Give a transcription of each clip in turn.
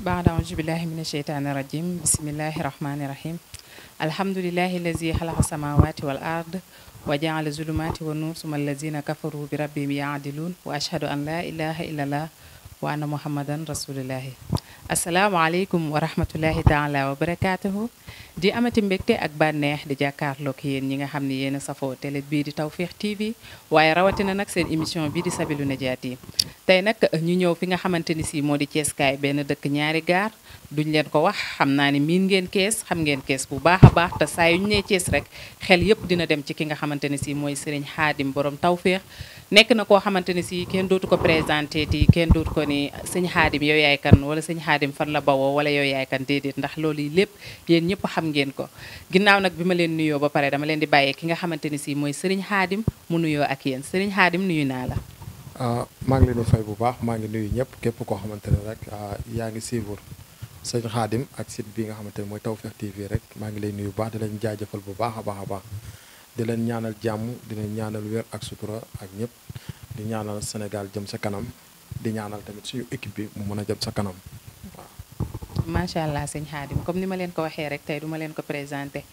بعد أعوذ بالله من الشيطان الرجيم بسم الله الرحمن الرحيم الحمد لله الذي خلق السماوات والأرض وجعل الظلمات والنور ثم الذين كفروا بربهم يعدلون وأشهد أن لا إله إلا الله وأن محمدا رسول الله asalaamaaleykum wa rahmatullahi taala wa barakaatuhu di amati mbégte ak bànneex di jàkkaarloog yéen ñi nga xam ne yéen safoo télé bii di Tawfekh TV waaye rawatina nag seen émission bii di Sabilu Najaat yi tey nag ñu ñëw fi nga xamante ni si moo di Ceeskaay benn dëkk ñaari gaar duñ leen ko wax xam naa ne miin ngeen kees xam ngeen kees bu baax a baax te saa yu ñu nee Cees rek xel yëpp dina dem ci ki nga xamante ne si mooy Serigne Xaadim borom Tawfekh nekk na koo xamante ne si kenn dootu ko présenté ti kenn dootu ko ni sëñ xaadim yow yaay kan wala sëñ xaadim fan la bawoo wala yow yaay kan déedéet ndax loolu yi lépp yéen ñëpp xam ngeen ko ginnaaw nag bi ma leen nuyoo ba pare dama leen di bàyyee ki nga xamante ne si mooy sëriñ xaadim mu nuyoo ak yéen sëriñ xaadim nuyu naa la ah, maa ngi leen di fay bu baax maa ngi nuyu ñëpp képp koo xamante ne rek ah, yaa ngi suivre sëñ xaadim ak site bi nga xamante ne mooy Tawfekh TV rek maa ngi lay nuyu baax di leen jaajëfal bu baax a baax di leen ñaanal jàmm di leen ñaanal wér ak sutura ak ñëpp di ñaanal Sénégal jëm sa kanam di ñaanal tamit suñu équipe bi mu mën a jëm sa kanam waaw. macha allah sëñ Xaadim comme ni ma leen ko waxee rek tey duma leen ko présenté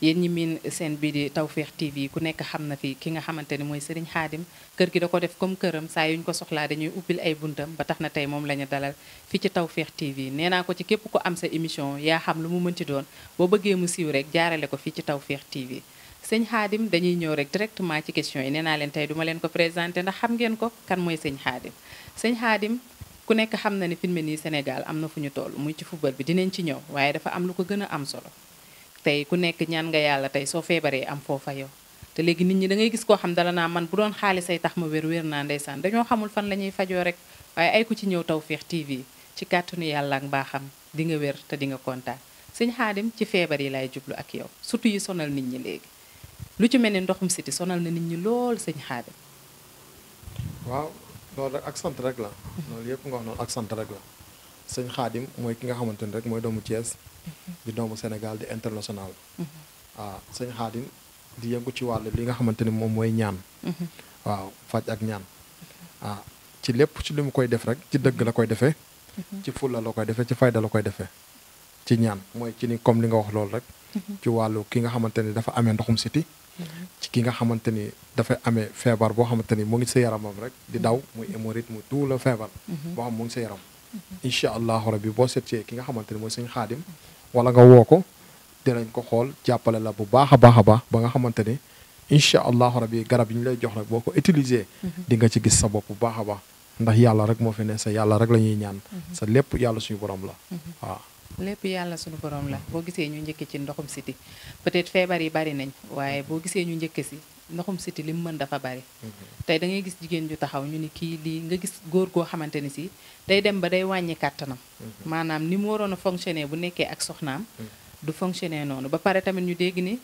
yéen ñi miin seen bi di taw Tawfekh TV ku nekk xam na fi ki nga xamante ni mooy Serigne Xaadim kër gi da ko def comme këram saa yuñ ko soxlaa dañuy ubbil ay buntam ba tax na tey moom la ñu dalal fi ci taw Tawfekh TV nee naa ko ci képp ku am sa émission yaa xam lu mu mënti doon boo bëggee mu siiw rek jaarale ko fii ci Tawfekh TV. sëñ xaadim dañuy ñëw rek directement ci question yi nee naa leen tey duma leen ko présenté ndax xam ngeen ko kan mooy sëñ xaadim sëñ xaadim ku nekk xam na ne fi mu nii Sénégal am na fu ñu toll muy ci football bi dinañ ci ñëw waaye dafa am lu ko gën a am solo tey ku nekk ñaan nga yàlla tey soo feebaree am foofa yow te léegi nit ñi da ngay gis koo xam dala naa man bu doon xaalis ay tax ma wér wér naa ndeysaan dañoo xamul fan la ñuy fajoo rek waaye ay ku ci ñëw Tawfekh TV ci kàttanu yàlla ak mbaaxam di nga wér te di nga kontaan sëñ xaadim ci feebar yi lay jublu ak yow surtout yi sonal nit ñi léegi lu ci mel ni ndoxum siti sonal na nit ñi lool sëñ xaadim waaw loolu ak sant rek la loolu yëpp nga wax noonu ak sant rek la sëñ xaadim mooy ki nga xamante ni rek mooy doomu Thiès di doomu Sénégal di international waaw ah, sëñ xaadim di yëngu ci wàll li nga xamante ni moom mooy ñaan waaw faj ak ñaan ah ci lépp ci li mu koy def rek ci dëgg la koy defee ci fulla la koy defee ci fayda la koy defee ci ñaan mooy ci ni comme li nga wax loolu rek ci wàllu ki nga xamante ni dafa amee ndoxum siti ci ki nga xamante ni dafay amee feebar boo xamante ni mu ngi sa yaramam rek di daw mm-hmm. muy hémorroïde mu tout le feebar mm-hmm. boo xam mu ngi sa yaram mm-hmm. incha allahu rabbi boo seetee ki nga xamante ni mooy suñ xaadim wala nga woo ko dinañ ko xool jàppale la bu baax a baax a baax ba nga xamante ni incha allahu rabbi garab yi ñu lay jox rek boo ko utiliser di nga ci gis sa bopp bu baax a baax ndax yàlla rek moo fi ne sa yàlla rek la ñuy ñaan sa lépp yàlla suñu borom la waaw lépp yàlla suñu borom la boo gisee ñu njëkke ci ndoxum siti peut-être feebar yi bari nañ waaye mm-hmm. boo gisee ñu njëkke si ndoxum siti li mu mën dafa bari mm-hmm. tey da ngay gis jigéen ñu taxaw ñu ni kii lii nga gis góor goo xamante ni si day dem ba day wàññi kàttanam mm-hmm. maanaam ni mu waroon a fonctionner bu nekkee ak soxnaam du fonctionner noonu ba pare tamit ñu dégg ni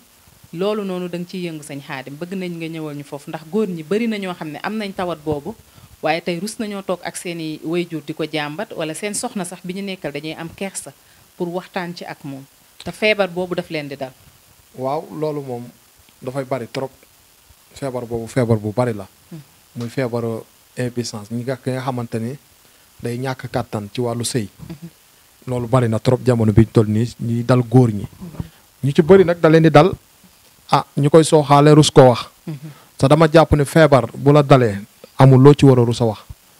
loolu noonu da nga ciy yëngu sañ xaadim bëgg nañ nga ñëwal ñu foofu ndax góor ñi bari na ñoo xam ne am nañ tawat boobu waaye tey rus nañoo toog ak seen i wayjur di ko jàmbat wala seen soxna sax bi ñu nekkal dañuy am kersa pour waxtaan ci ak moom te feebar boobu daf leen di dal waaw loolu moom dafay bari trop feebar boobu feebar bu bari la hmm. muy feebaru impuissance ñi nga nga xamante ni day ñàkk kàttan ci wàllu sëy hmm. loolu bari na trop jamono bi toll nii dal góor ñi ñu ci bari nag da di dal ah ñu koy sooxaale rus ko wax sa hmm. dama jàpp ne feebar bu la dalee amul loo ci war a rus a wax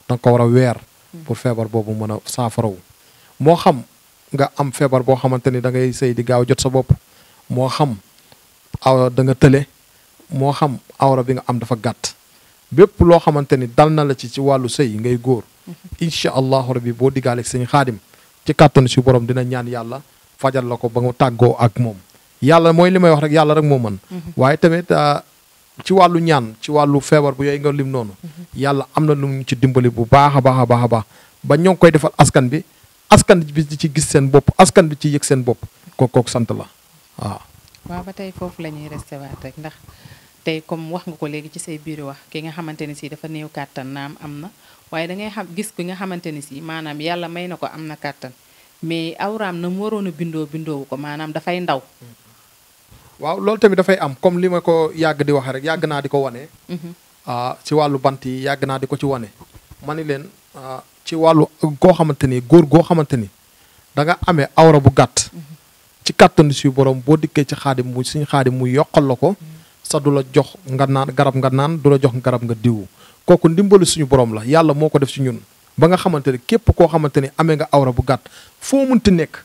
danga ko war a weer pour feebar boobu mën a saafarawu xam nga am feebar boo xamante ni da ngay sëy di gaaw jot sa bopp moo xam awra danga nga tële moo xam awra bi nga am dafa gàtt bépp loo xamante ni dal na la ci ci wàllu sëy ngay góor mhm. incha allahu rabbi boo diggaale ak sëñ xaadim ci kàttanu si borom dina ñaan yàlla fajal la ko ba mu tàggoo ak moom yàlla mooy li may wax rek yàlla rek moo mën mhm. waaye tamit ah, ci wàllu ñaan ci wàllu feebar bu yooyu nga lim noonu mhm. yàlla am na lu mu ci dimbali bu baax a baax a baax a baax ba ñoo koy defal askan bi askan bi di ci gis seen bopp askan bi ci yëg seen bopp ko kooku sant la waaw. waaw ba tey foofu la ñuy resté waat rek ndax tey comme wax nga ko léegi ci say biir wax ki nga xamante ni si dafa néew kàttan naam am na waaye da ngay xam gis ki nga xamante ni si maanaam yàlla may na ko am na kàttan mais awraam na mu waroon a bindoo bindoowu ko maanaam dafay ndaw. waaw loolu tamit dafay am comme li ma ko yàgg di waxe rek yàgg naa di ko wane. si mm-hmm. ah, wàllu bant yi yàgg naa di ko ci wane. ma ni leen ah, ci wàllu koo xamante ni góor goo xamante ni da nga amee awra bu gàtt ci kàttan si borom boo dikkee ci xaadim mu suñu xaadim mu yokkal la ko sa du la jox nga naan garab nga naan du la jox garab nga diw kooku ndimbalu suñu borom la yàlla moo ko def ci ñun ba nga xamante ni képp koo xamante ni amee nga awra bu gàtt foo munti nekk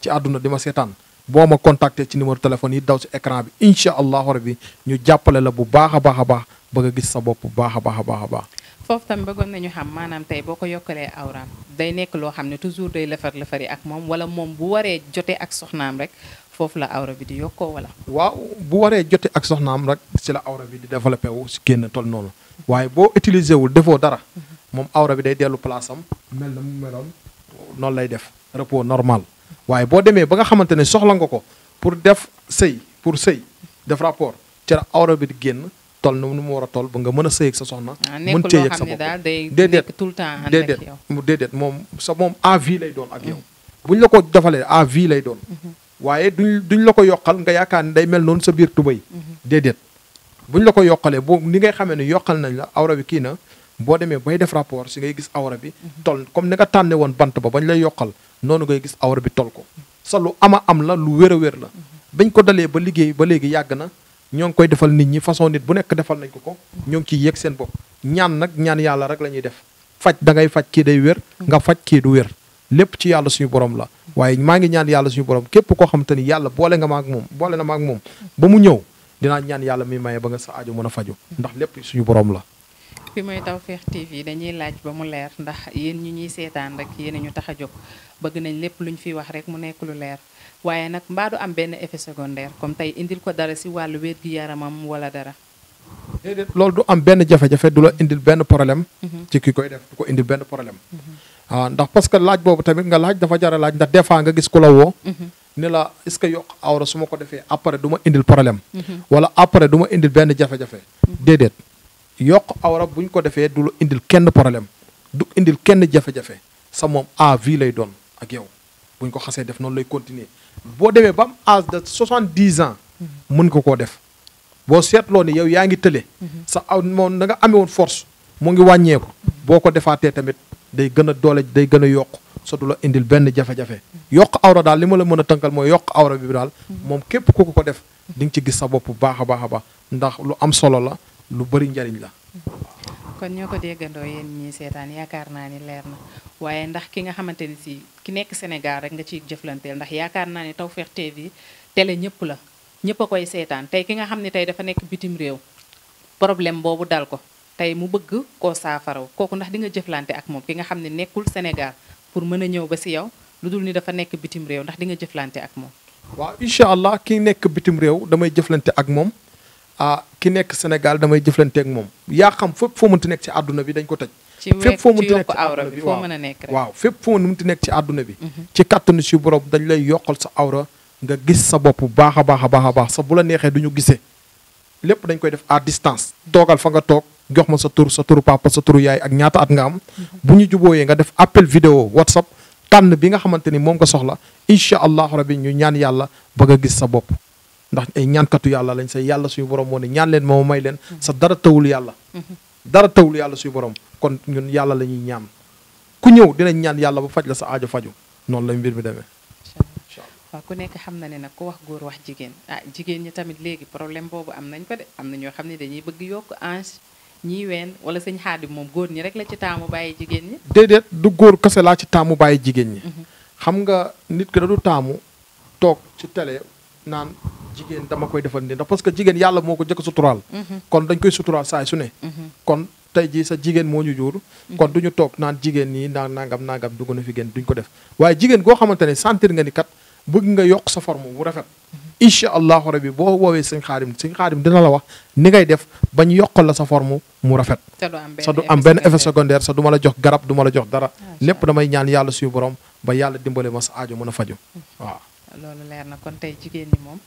ci àdduna di ma seetaan boo ma contacté ci numéro téléphone yi daw ci ecran bi incha allahu rabi ñu jàppale la bu baax a baax a baax bëgg a gis sa bopp bu baax a baax a baax a baax foofu tam bëggoon nañu xam maanaam tey boo ko yokkalee awraam day nekk loo xam ne toujours day lëfar lëfari ak moom wala moom bu waree jote ak soxnaam rek foofu la awra bi di yokkoo wala. waaw bu waree jote ak soxnaam rek si la awra bi di développé wu si génn tol noonu waaye boo utiliser wul defoo dara moom awra bi day dellu place am mel na mu meloon noonu lay def repos normal waaye boo demee ba nga xamante ne soxla nga ko pour def sëy pour sëy def rapport ci la awra bi di génn. tol nu mu war a tol ba nga mën a sëy ak sa soxna. Ah, mën cee yëg sa bopp déedéet déedéet déedéet moom sa moom à lay doon ak yow. bu ñu la ko defalee à lay doon. Mhm. waaye duñ duñ la ko yokkal nga yaakaar ne day mel noonu sa biir tubay. Mhm. déedéet bu ñu la ko yokkalee boo ni ngay xamee ne yokkal nañ la awra bi kii na boo demee bay def rapport si ngay gis awra bi. Mhm. tol comme ni nga tànne woon bant ba bañ lay yokkal noonu ngay gis awra bi tol ko. sa lu ama am la lu wér a wér la. bañ ko dalee ba liggéey ba léegi yàgg na. ñong koy defal nit ñi façon nit bu nek defal nañ ko ko ñong ci yek seen bop ñaan nak ñaan yalla rek lañuy def fajj da ngay fajj ki day wër nga fajj ki du wër lepp ci yalla suñu borom la waye ma ngi ñaan yalla suñu borom kep ko xam te ni boole nga maag mom boole na maag mom bu mu ñew dina ñaan yalla mi maye ba nga sa aaju mëna faju ndax lepp suñu borom la fi mooy Tawfekh TV dañuy laaj ba mu leer ndax yeen ñu ñi seetaan rek yeen ñu taxajuk bëgg nañ lepp luñ fi wax rek mu nekk lu leer waaye nag mbaa du am benn effet secondaire comme tey indil ko dara si wàllu wér gi yaramam wala dara. déedéet loolu du am benn jafe-jafe du la indil benn problème. Mhm. ci ki koy def du ko indil benn problème. waaw mhm. ah, parce que laaj boobu tamit nga laaj dafa jar laaj ndax des fois nga gis ku la mhm. ne la ce que yokk awra su ma ko defee après du ma indil problème. wala après du ma indil benn jafe-jafe. déedéet yokk awra buñ ko defee du la indil kenn problème du indil kenn jafe-jafe sa moom à vie lay doon ak yow. bu ko xasee def noonu lay continuer boo demee ba am âge de soixante dix ans mhm. mën ko koo def boo seetloo ni yow yaa ngi tële mhm. sa aw moom da nga amee woon force mu ngi wàññeeku mhm. boo ko defaatee tamit day gën a doole day gën a yokk so du indil benn jafe-jafe yokk awra daal li ma la mën a tënkal mooy yokk awra bi daal moom képp ku ko ko def di nga ci gis sa bopp baax a baax a baax ndax lu am solo la lu bëri njariñ la kon ñoo ko déggandoo yéen ñii seetaan yaakaar naa ni leer na waaye ndax ki nga xamante ni si ki nekk Sénégal rek nga ciy jëflanteel ndax yaakaar naa ni Tawfekh TV télé ñëpp la ñëpp a koy seetaan tey ki nga xam ne tey dafa nekk bitim réew problème boobu dal ko tey mu bëgg koo saafaraw kooku ndax di nga jëflante ak moom ki nga xam ne nekkul Sénégal pour mën a ñëw ba si yow lu dul ni dafa nekk bitim réew ndax di nga jëflante ak moom. waaw incha allah ki nekk bitim réew damay jëflante ak moom ah, ki nek senegal damay ak mom. Ya xam fepp fo muñu nek ci aduna bi dañ ko tej fepp fo muñu nek ci awra bi foo mën a rek waaw fepp fo muñu nek ci aduna bi mhm. ci kattanu ci borop dañ lay yokal sa awra nga gis sa bop bu a baax a baax sa bu la nexé duñu gisé lepp dañ koy def à distance dogal fa nga tok jox ma sa tour sa tour papa sa tour yaay ak ñaata at nga am mhm. buñu juboyé nga def appel vidéo whatsapp tan bi nga xamanteni ni moom nga soxla inshallah rabbi ñu ñaan yalla ba gis sa bop ndax ay katu yalla lañ say yalla suñu borom mo ne ñaan leen mo may leen sa dara tawul yalla dara tawul yalla suñu borom kon ñun yalla lañuy ñaan ku ñew dinañ ñaan yalla ba faj la sa aaju faju non la mbir mi demee wa ku nekk xam na ne nag ku wax góor wax jigéen ah jigéen ñi tamit léegi problème boobu am nañ ko de am na ñoo xam ne dañuy bëgg yokk ange ñii ween wala sëñ xaadim moom góor ñi rek la ci taamu bàyyi jigéen ñi déedéet du góor kase laa ci taamu bàyyi jigéen ñi mhm. xam nga nit ki da du taamu toog ci télé naan Jigen dama koy defal nii ndax parce que jigéen yàlla moo sutural jëkk suturaal mhm. kon dañ koy suturaal saay su ne mhm. kon tay ji sa jigen ñu mhm. kon duñu tok nan jigen ni nangam nangam dugg na fi gën duñ ko def waye jigen go xamante sentir nga ni kat bëgg nga yok sa forme bu rafet insha allah rabbi bo wowe sëñ xaadim sëñ xaadim dina la wax ni ngay def bañ yok la sa forme mu rafet sa du am ben effet secondaire sa duma la jox garab duma la jox dara lepp damay ñaan yalla suñu borom ba yalla dimbalé ma sa aajo mëna faju waaw lolu leer na kon tey jigéen ñi moom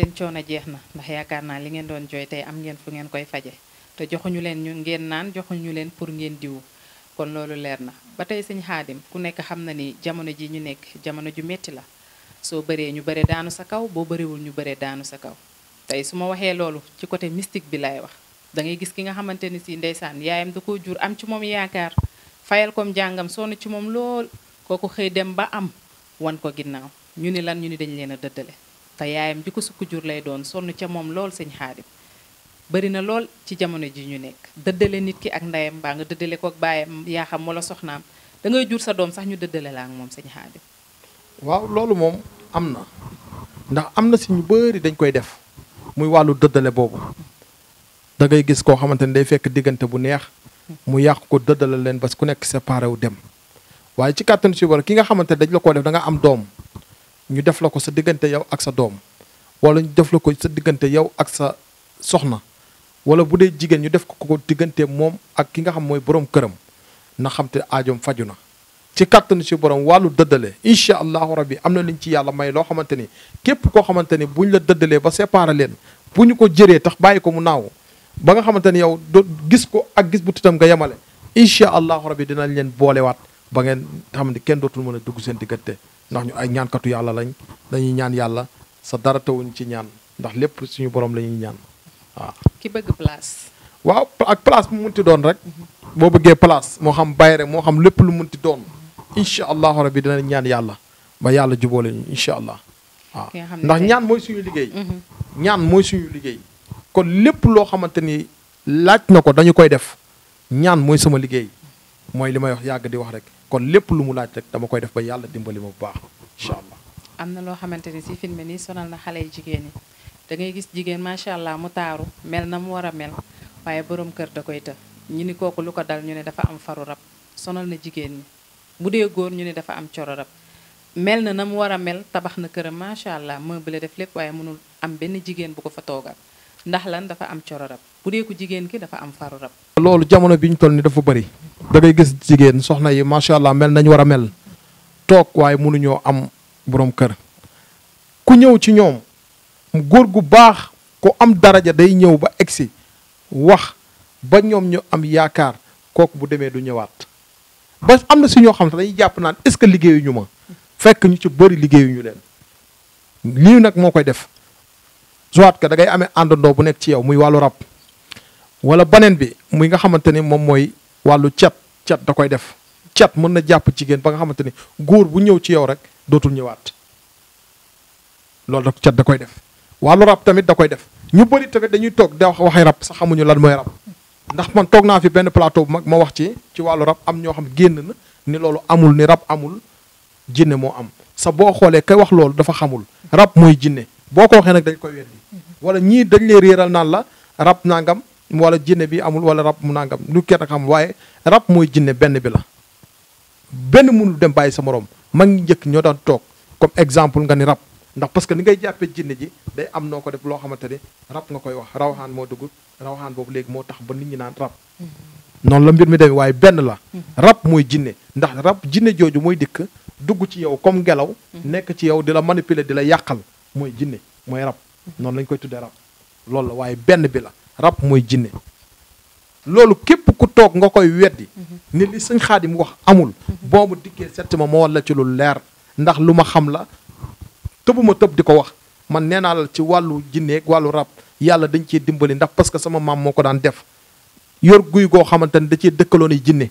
seen coono jeex na ndax yaakaar naa li ngeen doon jooy tey am ngeen fu ngeen koy faje te joxuñu leen ñu ngeen naan joxuñu leen pour ngeen diwu kon loolu leer na ba tey sëñ xaadim ku nekk xam na ni jamono ji ñu nekk jamono ju metti la soo bëree ñu bëre daanu sa kaw boo bëriwul ñu bëre daanu sa kaw tey su ma waxee loolu ci côté mystique bi laay wax da ngay gis ki nga xamante ni si ndeysaan yaayam da koo jur am ci moom yaakaar fayal koom jàngam sonn ci moom lool kooku xëy dem ba am wan ko ginnaaw ñu ni lan ñu ni dañ leen a dëddale te yaayam ji ko sukk jur lay doon sonn ca moom lool sëñ xaadim bari na lool ci jamono ji ñu nekk dëddale nit ki ak ndeyam baa nga dëddale ko ak baayam yaa xam wala soxnaam da ngay jur sa doom sax ñu dëddale la ak moom sëñ xaadim waaw loolu moom am na ndax am na si ñu bari dañ koy def muy wàllu dëddale boobu dangay gis koo xamante ne day fekk diggante bu neex mu yàq ko dëddale leen bas ku nekk séparé wu dem waaye ci kàttanu si war ki nga xamante dañ la ko def da nga am doom ñu def la ko sa diggante yow ak sa doom wala ñu def la ko sa diggante yow ak sa soxna wala bu dee jigéen ñu def ko ko diggante moom ak ki nga xam mooy borom këram na xam te aajoom faju na ci kàttanu si borom wàllu dëddale incha allahu rabbi am na liñ ci yàlla may loo xamante ni képp koo xamante bu ñu la dëddalee ba séparé leen bu ñu ko jëree tax bàyyi ko mu naaw ba nga xamante ni yow do gis ko ak gis bu titam nga yemale incha allahu rabbi dinañ leen boolewaat ba ngeen xam ne kenn dootul mën a dugg seen diggante ndax ñu ay katu yalla lañ dañuy ñaan yalla sa dara tawuñ ci ñaan ndax lepp suñu borom lañuy ñaan ki bëgg place. waaw ak place mu munti doon rek. bo bëggee place mo xam bay rek moo xam lepp lu munti doon incha allah rabi dina ñaan yalla ba yalla jubóole ñu incha allah. waaw ndax ñaan moy suñu liggéey. Mhm. ñaan moy suñu liggéey. kon lepp lo xamanteni laaj nako ko dañu koy def ñaan moy sama liggéey moy limay wax yag di wax rek. kon lépp lu mu laaj rek dama koy def ba yàlla dimbali ma bu baax incha allah. am na loo xamante ni si film nii sonal na xale yi jigéen ñi da ngay gis jigéen macha allah mu taaru mel na mu war a mel waaye borom kër da koy të ñu ni kooku lu ko dal ñu ne dafa am faru sonal na jigéen bu dee góor ñu ne dafa am coro mel na na mu war a mel tabax na këram macha allah meuble def lépp waaye mënul am benn jigéen bu ko fa toogal ndax lan dafa am coro rab bu dee jigéen ki dafa am faru loolu jamono bi ñu toll ni dafa bëri da gis jigéen soxna yi macha allah mel nañ war a mel toog waaye mënuñoo am borom kër ku ñëw ci ñoom góor gu baax ko am daraja day ñëw ba egsi wax ba ñoom ñu am yaakaar kooku bu demee du ñëwaat ba am na si ñoo xam ne dañuy jàpp naan est-ce que liggéeyuñu ma fekk ñu ci bari liggéeyuñu leen lii nag moo koy def soit que dangay amee àndandoo bu nekk ci yow muy wàllu rab wala beneen bi muy nga xamante ni moom mooy wàllu cat cat da koy def cat mën na jàpp jigéen ba nga xamante ni góor bu ñëw ci yow rek dootul ñëwaat loolu da cat da koy def wàllu rab tamit da koy def ñu bari tamit dañuy toog da wax waxi rab sax xamuñu lan mooy rab ndax man toog naa fi benn plateau bu mag ma wax ci ci wàllu rab am ñoo xam génn na ni loolu amul ni rab amul jinne moo am sa boo xoolee kay wax loolu dafa xamul rab mooy jinne boo ko waxee nag dañ koy weddi mm-hmm. wala ñii dañ lay réeral naan la rab nangam wala jinne bi amul wala rab mu am lu kenn xam waaye rab mooy jinne benn bi la benn mënul dem bàyyi sa morom mag njëkk ñoo daan toog comme exemple nga ni rab ndax parce que ni ngay jàppee jinne ji day am noo ko def loo xamante ni rab nga koy wax rawaxaan moo dugg rawaxaan boobu léegi moo tax ba nit ñi naan rab mm-hmm. noonu la mbir mi demee waaye benn la mm-hmm. rab mooy jinne ndax rab jinne jooju mooy dikk dugg ci yow comme ngelaw mm-hmm. nekk ci yow di la manipuler di la yàqal mooy jinne mooy rab noonu lañ koy tuddee loolu la waaye benn bi la Rap moy jinne lolou képp ku tok nga koy weddi mhm. ni li seigne khadim wax amul mhm. boo mu dikkee mo wala ci lu leer ndax lu xam la tebuma teb diko wax man nee ci walu ci ak walu rap yalla dañ ci dimbali ndax parce que sama mam moko daan def yor guuy go xamante da ci dëkkaloon jinne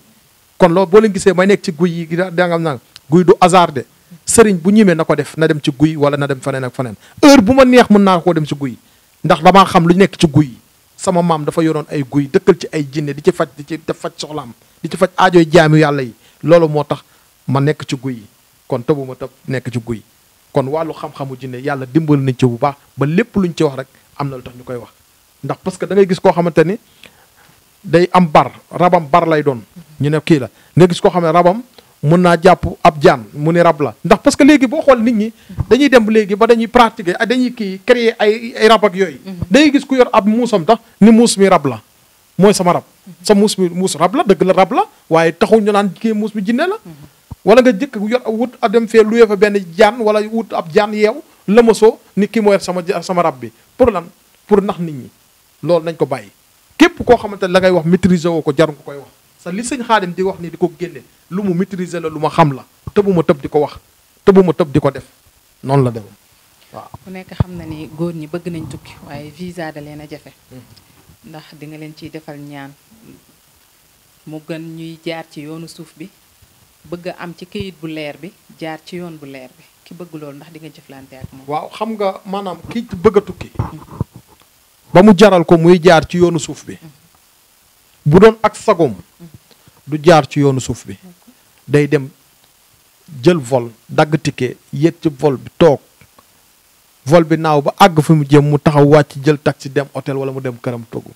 kon lo bo leen gisee may nek ci guuy yi dangam nang guuy du hasard de sëriñ bu ñimee nako def na dem ci guuy wala na dem fanen ak fanen heure buma neex mën na ko dem ci guuy ndax dama xam lu nek ci guuy sama maam dafa yoroon ay guy dëkkal ci ay jinne di ci faj di ci def faj soxlaam di ci faj aajoy jaamu yàlla yi loolu moo tax ma nekk ci guy yi kon tëbuma tëb nekk ci guy kon wàllu xam-xamu jinne yàlla dimbal nañ ci bu baax ba lépp lu ñu ci wax rek am na lu tax ñu koy wax ndax parce que da ngay gis koo xamante ni day am bar rabam bar lay doon ñu ne kii la nga gis koo xam ne rabam mën naa jàpp ab jaan mu ni rab la ndax parce que léegi boo xool nit ñi dañuy dem léegi ba dañuy pratiquer dañuy kii créer ay ay rab ak yooyu mhm. dañuy gis ku yor ab muusam tax ni muus mi rab la mooy sama rab mhm. sa muus mi muus rab la dëgg la rab la waaye taxul ñu naan kii muus mi jinne la mhm. wala nga jëkk yor wut a dem fee luyee fa benn jaan wala wut ab jaan yeew lëmasoo ni kii mooy sama sama rab bi pour lan pour nax nit ñi loolu nañ ko bàyyi képp koo xamante la ngay wax maîtriser woo ko jaru ko koy wax sa li sëñ xaadim di wax ni di ko génne lu mu maîtriser la lu ma xam la tëbuma tëb di ko wax tëbuma tëb di ko def noonu la demee waaw ku nekk xam na ni góor ñi bëgg nañ tukki waaye visa da leen a jafe hmm. ndax di nga leen ciy defal ñaan mu gën ñuy jaar ci yoonu suuf bi bëgg a am ci kayit bu leer bi jaar ci yoon bu leer bi ki bëgg loolu ndax di nga jëflante ak moom waaw xam nga maanaam ki bëgg a tukki ba mu jaral ko muy jaar ci yoonu suuf bi hmm. bu doon ak sagom du jaar ci yoonu suuf bi day dem jël vol dagg ticket yéeg ci vol bi toog vol bi naaw ba àgg fi mu jëm mu taxaw wàcc jël taxi dem hôtel wala mu dem këram togg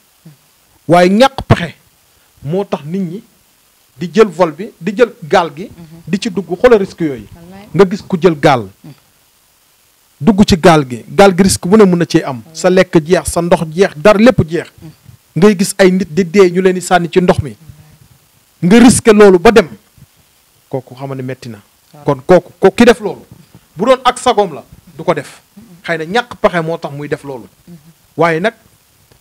waaye ñàkk pexe moo tax nit ñi di jël vol bi di jël gaal gi di ci dugg xoola risque yooyu nga gis ku jël gaal dugg ci gaal gi gaal gi risque bu ne mën na cee am sa lekk jeex sa ndox jeex dara lépp jeex ngay gis ay nit di dee ñu leen di sànni ci ndox mi nga risqué loolu ba dem metti na kon kooku ko ki def loolu bu doon ak sagoom la du ko def xëy na ñàkk pexe moo tax muy def loolu waaye nag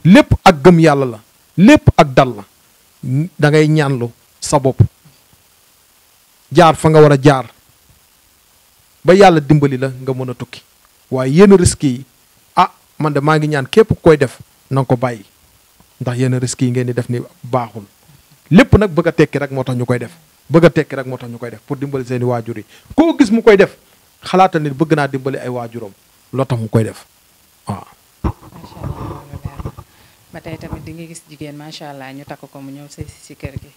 lépp ak gëm yàlla la lépp ak dal la da ngay ñaanlu sa jaar fa nga a jaar ba yàlla dimbali la nga tukki ah man de maa ngi ñaan képp koy def na ko ndax yenn risques yi ngeen di def ni baaxul lépp nag bëgg a tekki rek moo tax ñu koy def bëgg a tekki rek moo tax ñu koy def pour dimbali seen i waajur yi koo gis mu koy def xalaatal ni bëgg naa dimbali ay waajuram loo tax mu koy def waaw. macha allah tey tamit di nga gis jigéen macha allah ñu takk ko mu ñëw sëy si kër gi.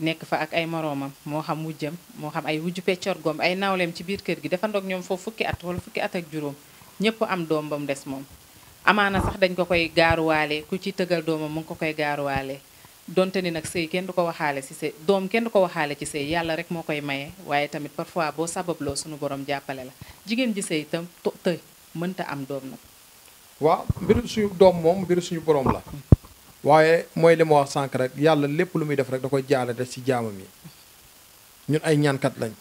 nekk fa ak ay moroomam moo xam wujjam moo xam ay wujju peccorgoom ay nawleem ci biir kër gi dafa ndoog ñoom foofu fukki at wala fukki at ak juróom ñëpp am doom ba mu des moom amaana sax dañ ko koy walé ku ci tëgal doom mo ngi ko koy walé donte ni nak sey kenn duko ko ci sey doom kenn duko ko ci sey yalla rek mo koy maye waaye tamit parfois sabab lo sunu borom jappalé la jigen ji sey tam te meunta am doom nak wa mbir suñu doom mom mbir suñu borom la waaye moy limu wax sank rek yalla lepp lu muy def rek da koy jaale def ci jaamam yi ñun ay kat lañ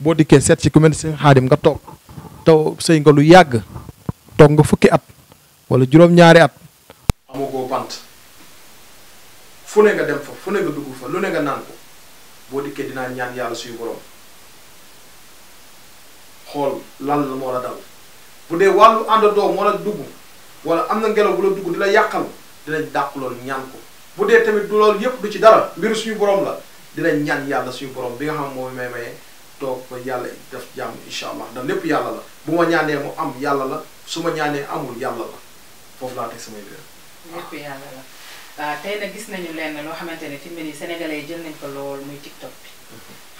bo set ci ku mel si xaadim nga tok taw sëy nga lu yag tok nga fukki at wala juróom-ñaari at. amagoo pant fu ne nga dem fa fu ne nga dugg fa lu ne nga naan ko boo dikkee dinaa ñaan yàlla suy borom xool lal la moo la dal bu dee wàllu àndandoo moo la dugg wala am na ngelaw bu la dugg di la yàqal dinañ dàq loolu ñaan ko bu dee tamit du loolu yëpp du ci dara mbir suñu borom la dinañ ñaan yàlla suñu borom bi nga xam moo may maye toog ba yàlla def jàmm incha allah ndax lépp yàlla la bu ma ñaanee mu am yàlla la su ma ñaanee amul yàlla la. foofu laa teg samay lépp yàlla la waaw ah, tey nag gis nañu lenn loo xamante ne fi mu ne yi jël nañ ko lool muy tiktok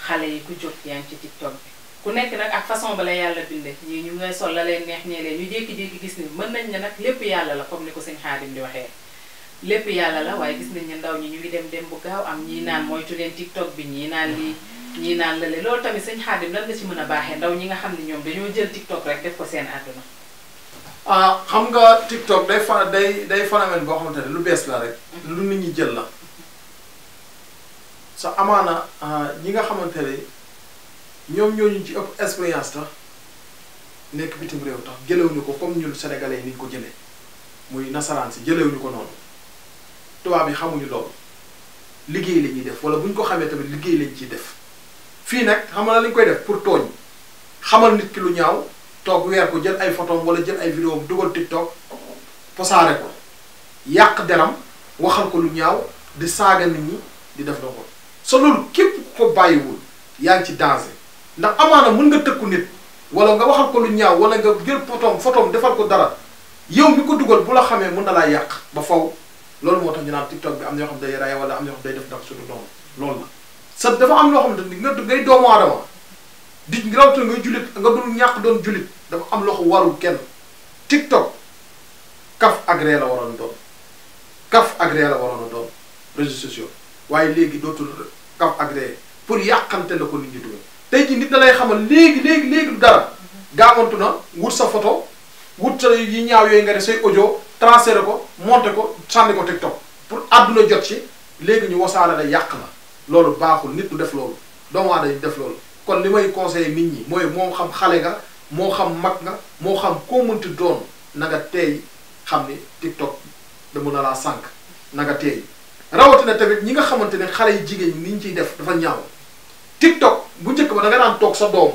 xale yi ku jóg yaa ngi ci ku nekk nag ak façon ba la yàlla bindee ñii ñu ngay sol la leen neex ñee ñu jékki-jékki gis ni mën nañ ne nag lépp yàlla la comme ni ko sëñ Xaadim di waxee. lépp yàlla la waaye gis nañ ne ndaw ñi ñu dem dem bu gaaw am ñii naan moytu leen tiktok bi ñii naan lii ñii naan la lale loolu tamit sëñ Xaadim lan nga ci mën a baaxee ndaw ñi nga xam ne ñoom dañoo jël tiktok rek def ko seen àdduna ah xam nga TikTok day fara day day phénomène boo xamante ne lu bees la rek. lu nit ñi jël la. sa amaana ah, ñi nga xamante ne ñu ñooñu ci ëpp expérience tax nekk bitim réew tax jëlewuñu ko comme ñun sénégalais yi niñ ko jëlee muy nasaraan si jëlewuñu ko noonu tubaab yi xamuñu loolu liggéey la def wala bu ñu ko xamee tamit liggéey lañ ciy def fii nag xam na lañ koy def pour tooñ xamal nit ki lu ñaaw. toog weer ko jël ay photo wala jël ay vidéo dugal TikTok posaare ko yàq deram waxal ko lu ñaaw di saaga nit ñi di def na ko sa loolu képp ko bàyyiwul yaa ngi ci danger ndax amaana mën nga tëkku nit wala nga waxal ko lu ñaaw wala nga jël photom photom defal ko dara yow mi ko dugal bu la xamee mën na laa yàq ba faw loolu moo tax ñu naan TikTok bi am na yoo xam day rey wala am na yoo xam day def ndax suñu doom loolu la sa dafa am loo xam ne nga ngay doomu aadama di rawatina ngay jullit nga dul ñàkk doon jullit dafa am loxo warul kenn tiktok kaf agré la waroon doon kaf agré la waroon a doon réseaux sociaux waaye léegi dootul kaf agré pour yàqante la ko nit ñi dugal tey jii nit da lay xamal léegi léegi léegi du dara gaawantu na wut sa photo wut sa yi ñaaw yooyu nga def say audio transféré ko monté ko sànni ko tiktok pour àdduna jot ci léegi ñu wasaare la yàq na loolu baaxul nit du def loolu doomu aadama dañu def loolu kon li may conseil nit ñi mooy moo xam xale nga moo xam mag nga moo xam koo mënti doon na nga teey xam ni TikTok dama na laa sànq na nga teey rawatina tamit ñi nga xamante ne xale yu jigéen ñi ñu ciy def dafa ñaaw TikTok bu njëkk ba da nga daan toog sa doom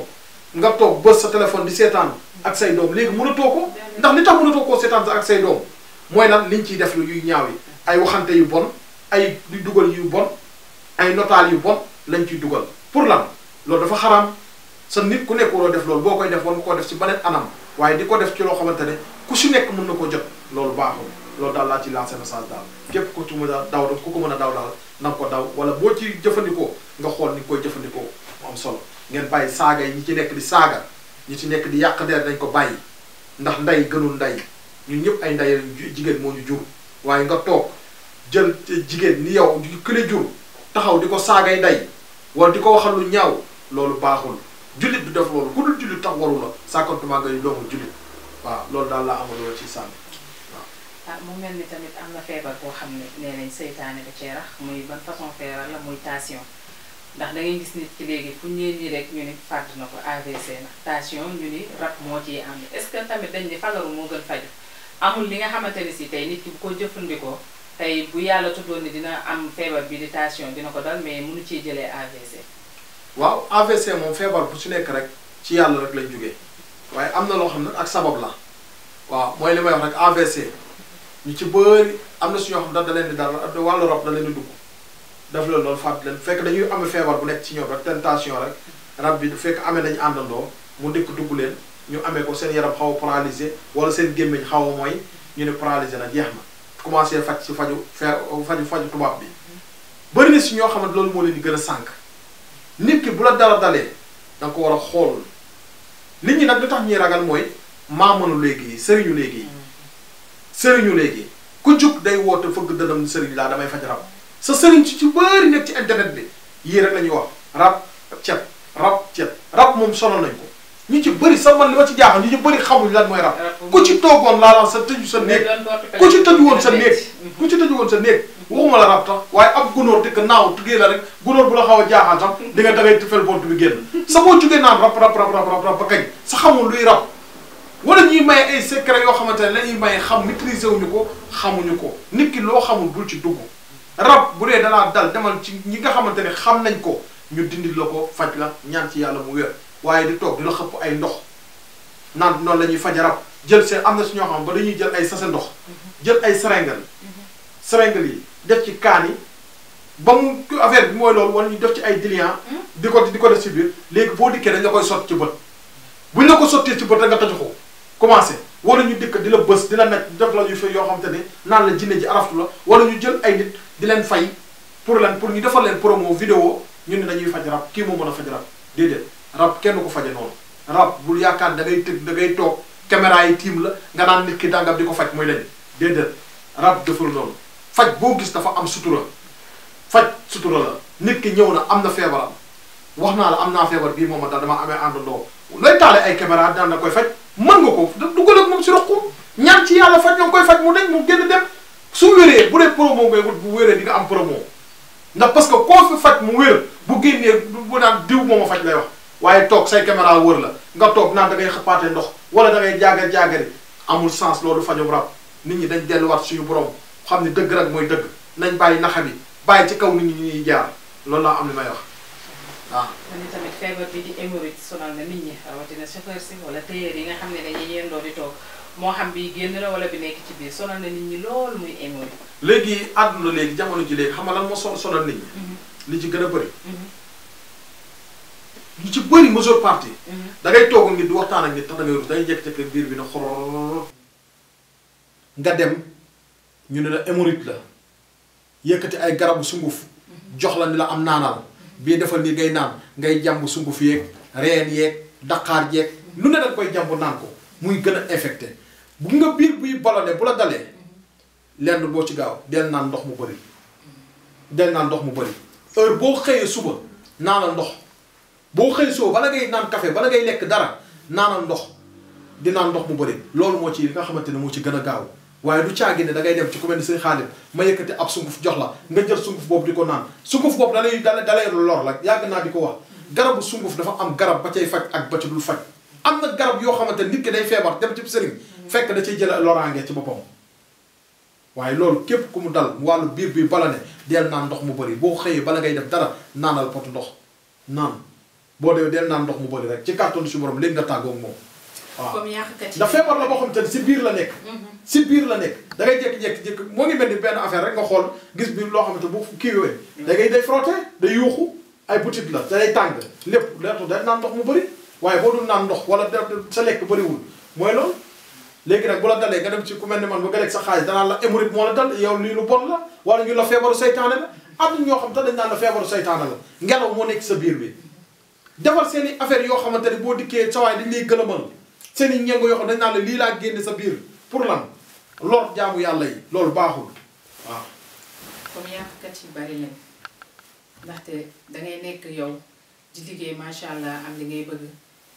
nga toog bës sa téléphone di seetaan ak say doom léegi mënatoo ko ndax li tax mënatoo koo seetaan ak say doom mooy lan liñ ciy def yuy ñaaw yi ay waxante yu bon ay di dugal yu bon ay notaal yu bon lañ ciy dugal pour lan loolu dafa xaraam sa nit ku nekk waroo def loolu boo koy def war nga koo def ci beneen anam waaye di ko def ci loo xamante ne ku si nekk mën na ko jot loolu baaxul loolu daal laa ci lancé message daal képp ku ci mën a daw ku ko mën a daw daal na ko daw wala boo ci jëfandikoo nga xool ni koy jëfandikoo mu am ngeen bàyyi saaga yi ñi ci nekk di saaga ñi ci nekk di yàq der dañ ko bàyyi ndax nday gënul nday ñun ñëpp ay nday jigéen moo nu jur waaye nga toog jël jigéen ni yow kële jur taxaw di ko saagay nday wala di ko waxal lu ñaaw loolu baaxul jullit bi def loolu ku dul jullit tax waru la sàkkantumaa ngay doomu jullit waaw loolu daal laa amaloo ci sànni waaw. Ah, mu mel ni tamit am na feebar boo xam ne nee nañ seytaane da cee muy ban façon feebar la muy tension ndax dangay gis nit ki léegi fu ñeen ñi rek ñu ni fàdd na ko AVC na tension ñu ni rab moo ci am est-ce tamit dañ di fagaru moo gën faju amul li nga xamante ni si tey nit ki bu ko jëfandikoo tey bu yàlla tuddoon ni dina am feebar bi di ko dal mais mënu ciy jëlee AVC. waaw AVC moom feebar bu ci nekk rek ci yàlla rek lañ jógee waaye am na loo xam ne ak sabab la waaw mooy li may wax rek AVC ñu ci bëri am na suñoo xam ne da leen di dal wàllu rob da leen di dugg daf leen loolu fàtt leen fekk dañuy amee feebar bu nekk ci ñoom rek tentation rek rab bi du fekk amee nañu àndandoo mu ndikk dugg leen ñu amee ko seen yaram xaw a paralysé wala seen gémmiñ xaw a mooy ñu ne paralysé na jeex na commencé faj si faju faju faju tubaab bi bëri na si ñoo xam ne loolu moo leen di gën a sànq nit ki bu la dara dalee da nga ko war a xool nit ñi nag lu tax ñuy ragal mooy maamanu léegi yi sëriñu léegi yi sëriñu léegi ku jug day woote fëgg dënam sëriñ laa damay faj rab sa sëriñ ci ci bëri nekk ci internet bi yii rek la ñuy wax rab cet rab cet rab moom sono nañ ko ñu ci bëri sa man li ma ci jaaxal ñu ci bëri xamuñ lan mooy rab ku ci toogoon laa la sa tëju sa néeg ku ci tëju woon sa néeg ku ci tëju woon sa néeg waxuma a rab tax waaye ab gunóor dëkk naaw tuggee la rek gunóor bu la xaw a jaaxaan tam mm-hmm. di nga dangay fel bont bi génn sa boo jugee naan rab rab rab rab rab ba kañ sa xamul luy wala ñuy maye ay yoo xamante ne la ñuy maye xam maîtriser wuñu ko xamuñu ko nit ki loo xamul bul ci dugg rab bu dee danaa dal demal ci ñi nga xamante ne xam nañ ko ñu dindi la ko faj la ñaan ci yàlla mu wér waaye di toog di la xëpp ay ndox naan noonu la ñuy faj rab jël seen am na si ñoo xam ba dañuy jël ay sase ndox mm-hmm. jël ay seringal mm-hmm. seringal yi def ci kaani yi ba mu affaire bi mooy loolu wala ñu def ci ay diluant. di ko di ko def ci biir léegi boo dikkee dañ la koy sotti ci bët buñ la ko sottee ci bët rek nga toj ko commencé wala ñu dikk di la bës di la nekk def la ñu yoo xam te ne la jinne ji araftu la wala ñu jël ay di leen fay pour leen pour ñu defal leen promo vidéo ñu ne dañuy faj rab kii moo mën a faj rab déedéet rab kenn ko faje noonu rab bul yaakaar da ngay tëg da toog caméra yi tiim la nga naan nit ki dàngam di ko faj mooy leen déedéet rab deful noonu faj boo gis dafa am sutura faj sutura la nit ki ñëw na am na feebaram wax naa la am naa feebar bii moom daal dama amee àndandoo lay taale ay caméra daan na koy faj mën nga ko dugal ak moom si roq ñaan ci faj ñoo ngi faj mu deñ mu génn dem su wéree bu dee promo ngay bu wéree di nga am promo ndax parce que koo fi mu wér bu génnee bu naan diw moom a faj lay toog say caméra wër la nga toog naan da ngay ndox wala da ngay jaagar jaagari amul sens loolu fajum rab nit ñi dañ delluwaat suyu borom xam ni dëgg rek mooy dëgg nañ bàyyi naxa bi bàyyi ci kaw nit ñi ñuy jaar loolu laa am li may wax waaw. man tamit feebar bi di hémorroïde sonal na nit ñi rawatina chauffeur si wala tailleur yi nga xam ne dañuy yendoo di toog moo xam bi génn na wala bi nekk ci biir sonal na nit ñi lool muy hémorroïde. léegi àdduna léegi jamono ji léegi xam nga la moo so sonal nit ñi. Mhm. li ci gën a bëri. Mhm. lu ci bëri majeure partie. Mhm. da ngay toog nit di waxtaan ak nit tax da ngay rus biir bi na xor. nga dem. ñu ne la hémorroïde la yëkkati ay garabu sunguf jox la ni la am naanal bii defal nii ngay naan ngay jàmb sunguf yeeg reen yee daqaar yeeg lu ne dañ koy jàmb naan ko muy gën a infecté bu nga biir buy ballonné bu la dalee lenn boo ci gaaw del naan ndox mu bari del naan ndox mu bëri heure boo xëyee suba naanal ndox boo xëy soo bala ngay naan café bala ngay lekk dara naanal ndox di naan ndox mu bari loolu moo ci nga xamante ne moo ci gën a gaaw waaye du caagi ne da ngay dem ci ku mel ni sëñ Xaadim ma yëkkati ab sunguf jox la nga jël sunguf boobu di ko naan sunguf boobu dalay dalay dalay lor la yàgg naa di ko wax garabu sunguf dafa am garab ba cay faj ak ba ci dul faj am na garab yoo xamante nit ki day feebar dem ci sëriñ fekk da cay jëla loraange ci boppam waaye loolu képp ku mu dal wàllu biir bi bala ne deel naan ndox mu bari boo xëyee bala ngay def dara naanal potu ndox naan boo dee deel naan ndox mu bëri rek ci kàttanu si borom léegi nga tàggoo moom comme yàqkat yi ndax feebar la boo xam te biir la nek si biir la nek da ngay jékki-jékki jékki moo ngi mel ni benn affaire rek nga xool gis biir loo xamante bu kiiwee. da ngay day frotté day yuuxu ay butit la da day tàng lépp da day naan ndox mu bëri waaye boo dul naan ndox wala sa lekk bëriwul mooy loolu. léegi nag bu la dalee nga dem ci ku mel ni man ba nga lekk sa xaalis danaan la émorite moo la dal yow lii lu bon la wala ñu la feebaru saytaane la am na ñoo xam te dañ naan la feebaru saytaane la ngelaw moo nekk sa biir bi defal seen affaire yoo xamante ne boo dikkee sawaay dañ gëlëmal seen i ñengo yoo xam dañ naan la lii laa génne sa biir pour lan lor jaamu yàlla yi loolu baaxul waaw. comme yàqkat yi bari lañ ndaxte dangay nekk yow di liggéey macha allah am li ngay bëgg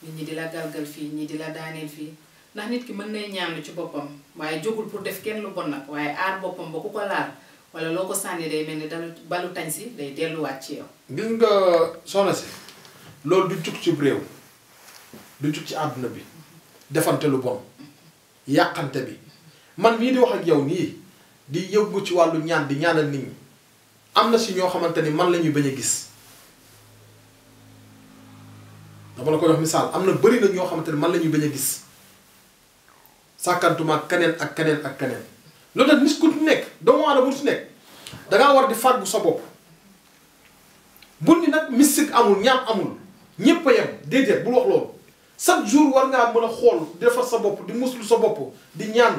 nit ñi di la galgal fii ñi di la daaneel fii ndax nit ki mën nay ñaan lu ci boppam waaye jógul pour def kenn lu bon nag waaye aar boppam ba ku ko laal wala loo ko sànni day mel ni dalu balu tañ si day delluwaat ci yow. gis nga soxna si loolu du jug ci réew du jug ci àdduna bi. defante lu bon yakante bi man mi di wax ak yow ni di yëngu ci walu ñaan di ñaanal nit ñi amna ci ño xamanteni man lañuy ñuy gis dama la ko wax misal amna bari na ño xamanteni man lañuy ñuy gis sakantuma kenen ak kenen ak kenen lo tax nit ku nekk mo aadama bu nekk nga war di fagu sa bop bu ni mystique amul ñaan amul ñepp yam dedet bu wax loolu chaque jour war ngaa mën a xool di defar sa bopp di muslu sa bopp di ñaan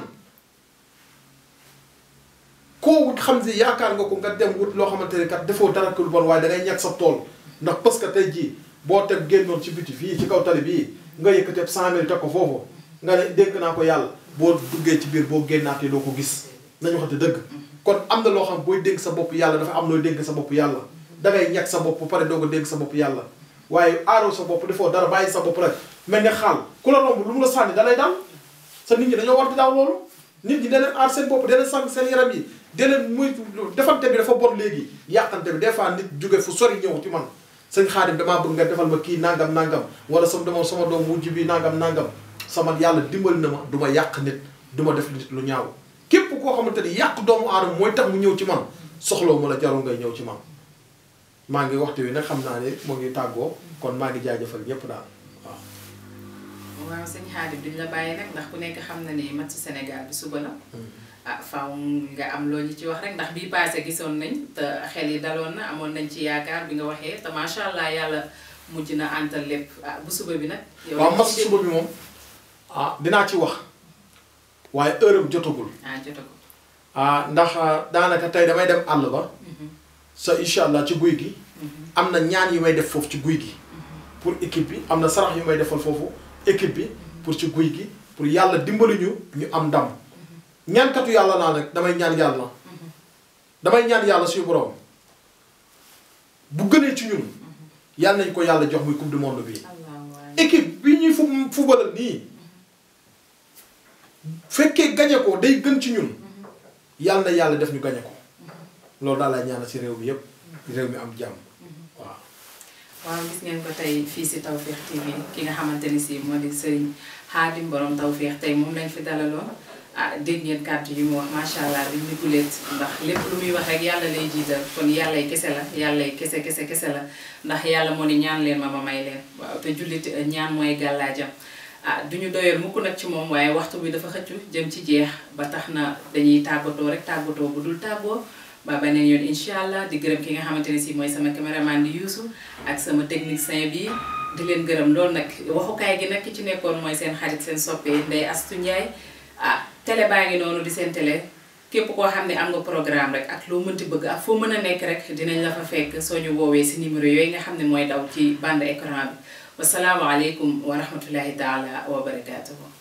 koo xam si yaakaar nga ko nga dem wut loo xamante ne kat defoo dara lu bon waaye da ñàkk sa tool ndax parce que tey jii boo teg génnoon ci biti fii ci kaw tali bii nga yëkkati teg ko foofu nga ne naa ko yàlla boo duggee ci biir boo génnaatee doo ko gis nañu waxante dëgg. kon am na loo xam booy dénk sa bopp yàlla dafa am looy dénk sa bopp yàlla da ngay ñàkk sa bopp ba pare doo ko dénk sa bopp yàlla waaye aaroo sa bopp defoo dara bàyyi sa bopp rek. mel ne xaal ku la romb lu mu la sànni da lay dal sa nit ñi dañoo war di daaw loolu nit ñi da leen aar seen bopp da leen sànni seen yaram yi da leen muy defante bi dafa bon léegi yàqante bi des fois nit jóge fu sori ñëw ci man sëñ xaadim damaa bëgg nga defal ma kii nangam nangam wala sama dama sama doom wujj bi nangam nangam sama yàlla dimbali na ma du yàq nit du ma def nit lu ñaaw képp koo xamante ni yàq doomu aadama mooy tax mu ñëw ci man soxlawu ma la jarul ngay ñëw ci man maa ngi waxtu wi nag xam naa ne moo ngi tàggoo kon maa ngi jaajëfal ñëpp daal waaw sëñ Xaadim duñ la bàyyi nag ndax ku nekk xam na ne match Sénégal bi suba la. Mm-hmm. ah faaw nga am loo ñu ci wax rek ndax bii paase gisoon nañ te xel yi daloon na amoon nañ ci yaakaar bi nga waxee te macha allah yàlla mujj na àntal lépp ah bu suba bi nag. yow waaw match ah, dinaa ci wax waaye heure jotagul. ah jotagul. Ah, ndax ah, daanaka tey damay dem àll ba. Mm-hmm. sa allah ci guy gi. Mm-hmm. am na ñaan yu may def foofu ci guy gi. pour équipe bi am na sarax yu may defal foofu. équipe bi pour ci guy gi pour yàlla dimbali ñu ñu am ndam ñaankatu yàlla naa nag damay ñaan yàlla damay ñaan yàlla suñu borom bu gënee ci ñun yàlla nañ ko yàlla jox muy coupe du monde bi équipe bi ñuy fu football nii fekkee gañe ko day gën ci ñun yàlla na yàlla def ñu gañe ko loolu daal laay ñaanal si réew mi yëpp réew mi am jàmm waaw gis ngeen ko tey fii si Tawfekh TV ki nga xamante ni si moo di Serigne Khadim borom Tawfekh tey moom lañ fi dalaloon ah dégg ngeen kàddu yi mu wax macha allah duñ ni guleet ndax lépp lu muy wax rek yàlla lay jiital kon yàllay kese la yàllay kese kese kese la ndax yàlla moo ni ñaan leen ma ma may leen waaw te jullit eh, ñaan mooy gàllaajam ah ñu doyal mukk nag ci moom waaye waxtu bi dafa xëccu jëm ci jeex ba tax na dañuy tàggatoo rek tàggatoo bu dul tàggoo ba beneen yoon incha allah di gërëm ki nga xamante ne si mooy sama caméraman di Youssou ak sama technicien bii di leen gërëm loolu nag waxukaay gi nag ki ci nekkoon mooy seen xarit seen soppee Ndeye Astou Ndiaye ah télé baa ngi noonu di seen télé képp koo xam ne am nga programme rek ak loo mënti bëgg ak foo mën a nekk rek dinañ la fa fekk soo ñu woowee si numéro yooyu nga xam ne mooy daw ci bande écran bi wasalaamaaleykum wa rahmatullahi taala wa barakaatuhu